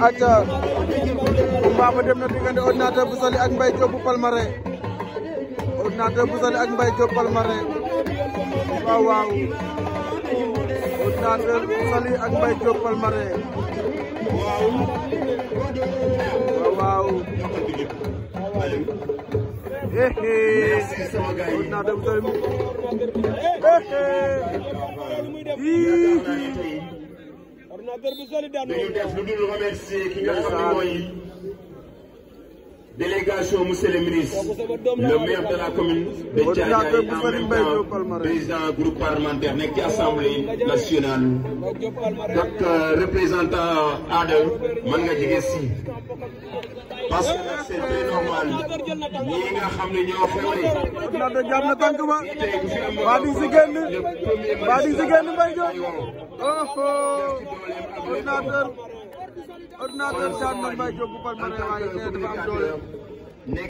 aca combat ba dem na diggante ordinateur bu sali bu sali ak Mbaye Diop Palmarin waaw waaw ordinateur bu sali ak Mbaye Diop Palmarin waaw waaw eh, eh. Nous def remercier délégation monsieur le ministre le maire de la commune de Tchadjaï, en même temps groupe parlementaire de l'Assemblée nationale notre euh, représentant Adel Manga parce que nag c'est très normal ñii nga xam ne ñoo feebar. na de jàmm na tànk ba. waa di si génn waa di si génn Mbaye Diop. oh oh ordinateur ordinateur daan na Mbaye Diop bu Palmarin waaye nee dafa am doole.